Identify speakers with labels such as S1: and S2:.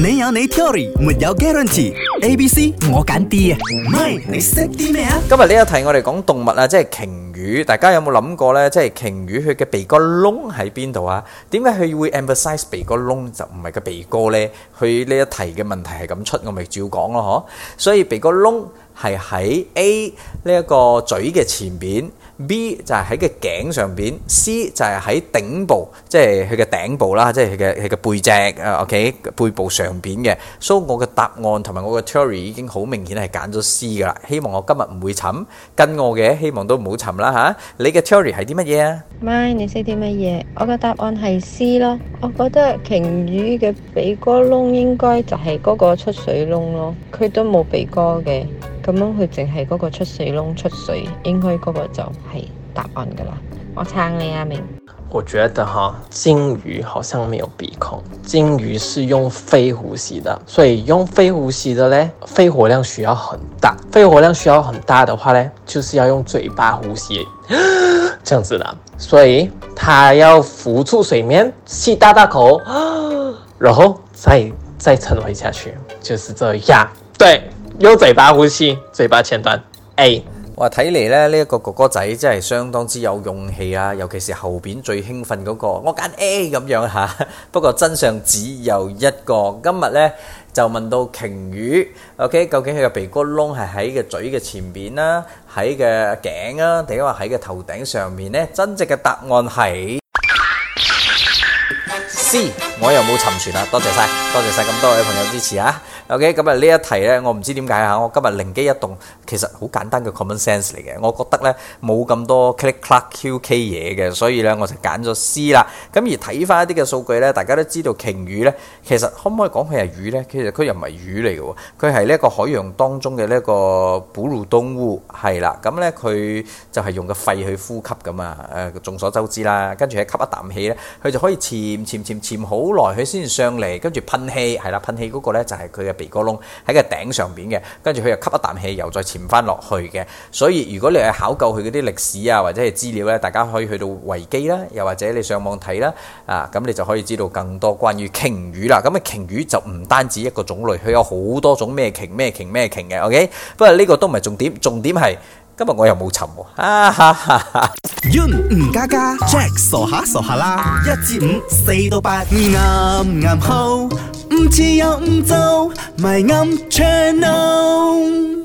S1: 你有你 theory，沒有 guarantee。A、B、C，我揀 D 啊！唔係，你識啲咩啊？今日呢一題我哋講動物啊，即係鯨魚。大家有冇諗過呢？即係鯨魚佢嘅鼻哥窿喺邊度啊？點解佢會 emphasize 鼻哥窿就唔係個鼻哥呢？佢呢一題嘅問題係咁出，我咪照講咯，嗬？所以鼻哥窿係喺 A 呢一個嘴嘅前邊。B 就係喺個頸上邊，C 就係喺頂部，即係佢嘅頂部啦，即係佢嘅佢嘅背脊，誒，OK，背部上邊嘅。所以我嘅答案同埋我嘅 theory 已經好明顯係揀咗 C 噶啦。希望我今日唔會沉，跟我嘅希望都唔好沉啦吓。你嘅 theory 係啲乜嘢啊
S2: ？MY，你識啲乜嘢？我嘅答案係 C 咯，我覺得鯨魚嘅鼻哥窿應該就係嗰個出水窿咯，佢都冇鼻哥嘅。咁樣佢淨係嗰個出水窿出水，應該嗰個就係答案噶啦。我撐你阿明。我覺得哈，鯨魚好像沒有鼻孔，鯨魚是用肺呼吸的，所以用肺呼吸的咧，肺活量需要很大。肺活量需要很大的話咧，就是要用嘴巴呼吸，這樣子啦。所以它要浮出水面，吸大大口，然後再再沉回下去，就是這樣。
S1: 對。U 嘴巴呼吸，嘴巴前端 A，哇睇嚟咧，呢一個哥哥仔真係相當之有勇氣啊，尤其是後邊最興奮嗰個，我揀 A 咁樣吓。不過真相只有一個，今日咧就問到鯨魚，OK？究竟佢個鼻哥窿係喺個嘴嘅前邊啦，喺個頸啊，定係話喺個頭頂上面咧？真正嘅答案係 C。我又冇沉船啦，多謝晒，多謝晒咁多位朋友支持啊。OK，咁啊呢一題呢，我唔知點解吓，我今日靈機一動，其實好簡單嘅 common sense 嚟嘅。我覺得呢冇咁多 click clack Q K 嘢嘅，所以呢我就揀咗 C 啦。咁而睇翻一啲嘅數據呢，大家都知道鯨魚呢，其實可唔可以講佢係魚呢？其實佢又唔係魚嚟嘅喎，佢係呢一個海洋當中嘅、這個、呢一個哺乳動物，係啦。咁呢佢就係用個肺去呼吸咁啊。誒、呃，眾所周知啦。跟住喺吸一啖氣呢，佢就可以潛潛潛潛，好好耐佢先上嚟，跟住噴氣係啦，噴氣嗰個呢，就係佢嘅鼻哥窿喺個頂上邊嘅，跟住佢又吸一啖氣，又再潛翻落去嘅。所以如果你係考究佢嗰啲歷史啊，或者係資料呢，大家可以去到維基啦，又或者你上網睇啦，啊咁你就可以知道更多關於鯨魚啦。咁啊鯨魚就唔單止一個種類，佢有好多種咩鯨咩鯨咩鯨嘅。O、okay? K，不過呢個都唔係重點，重點係今日我又冇沉、啊，哈哈哈，哈。唔唔、嗯、加加，Jack 傻下傻下啦！一至五，四到八，啱啱、嗯嗯嗯、好，唔遲又唔早，咪啱 channel。